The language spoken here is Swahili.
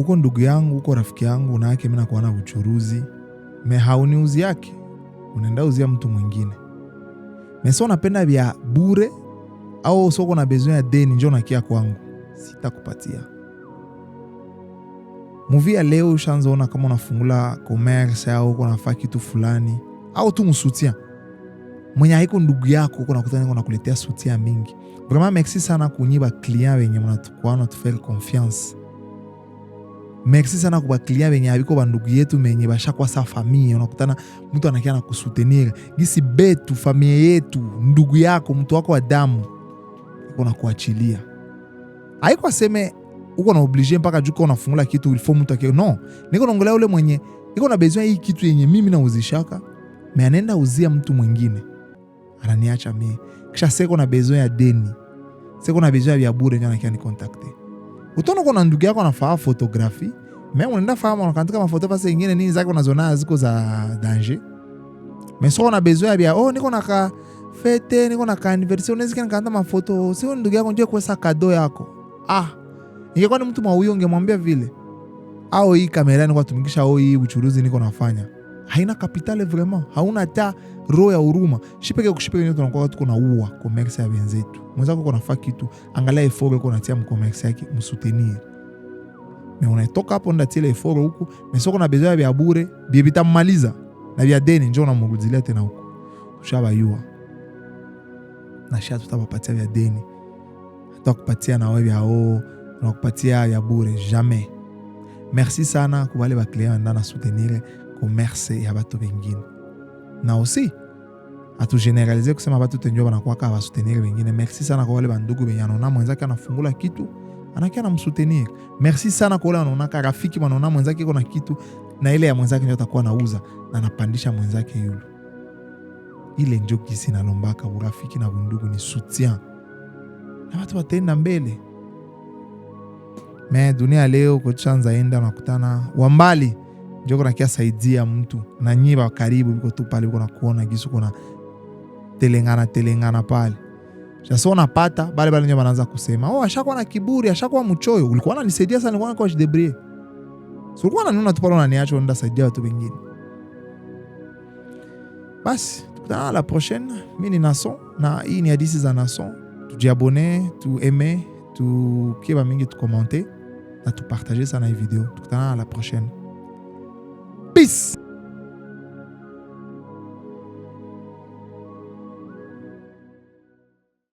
uko ndugu yangu, uko rafiki yangu, na yake mimi nakuwa na uchuruzi me uzi yake, unaenda uzia mtu mwingine me so napenda vya bure au soko na bezo ya deni, njoo nakia kwangu, sitakupatia muvi ya leo. Ushanzaona kama unafungula commerce au uko nafaa kitu fulani au tu msutia mwenye haiko ndugu yako uko nakutana niko nakuletea sutia mingi. Vraiment merci sana kunyiba client wenye mnatukuana tufere confiance merci sana kwa kubakilia benye abiko bandugu yetu menye bashakwasa famia. Unakutana mtu anakia na kusutenir gisi betu familia yetu, ndugu yako, mtu wako wa damu uko na kuachilia, haiko aseme uko na oblige mpaka juko unafungula kitu ilfo mtu akio no, niko naongelea ule mwenye iko na besoin hii kitu yenye mimi nauzishaka me anaenda uzia mtu mwingine ananiacha mie, kisha seko na besoin ya deni, seko na besoin ya bure, ndio anakia ni contacter utaona kuna ndugu yako anafaa fotografi me unaenda fahamu unakatika mafoto fasi ingine nini zake unazona ziko za danger meso una ya bia oh niko naka fete niko naka anniversaire unaweza kana kanta mafoto sio ndugu yako ndio kuwesa kado yako ah ingekuwa ni mtu mwa huyo ungemwambia vile au hii kamera kwa tumikisha au oh, hii uchuruzi niko nafanya haina kapitale vrema, hauna hata roho ya huruma. Shipeke kushipeke, tunakuwa tuko na ua komersa ya wenzetu. Mwenzako uko nafaa kitu, angalia eforo uko natia mkomersa yake, msutenir me unatoka hapo ndatia eforo huku mesoko na bezoya vya bure bie vitamaliza na vya deni, njo namurudilia tena huku, tushabayua na sha tutabapatia vya deni, hatakupatia nawe vyao nakupatia ya bure jamais. Merci sana kwa wale wa client ndana soutenir ya bato bengine na osi hatugeneralize kusema bato tenjo banakwaka abasutenir bengine. Merci sana kwa wale bandugu benye anaona mwenzake anafungula kitu anakia namsutenir. Merci sana kwa wale wanaonaka rafiki wanaona mwenzake iko na kitu na ile ya mwenzake ndio atakuwa nauza na anapandisha mwenzake yulu Ile njo kisi nalombaka urafiki na bundugu ni soutien na watu batenda mbele. Me dunia leo kochanza enda nakutana wambali Njoo na kia saidia mtu na nyinyi wa karibu, tu pale, biko kuona kisu kuna telengana telengana pale sasa unapata bale bale ndio wanaanza kusema oh, ashakuwa na kiburi, ashakuwa mchoyo. Ulikuwa unanisaidia sana, nilikuwa nakuwa jidebrie, si ulikuwa unaniona tu pale, unaniacha unaenda saidia watu wengine. Basi tukutana la prochaine. Mimi ni Nason na hii ni hadithi za Nason. Tujiabone, tueme, tukieba mingi, tukomente na tupartage sana hii video. Tukutana la prochaine. notice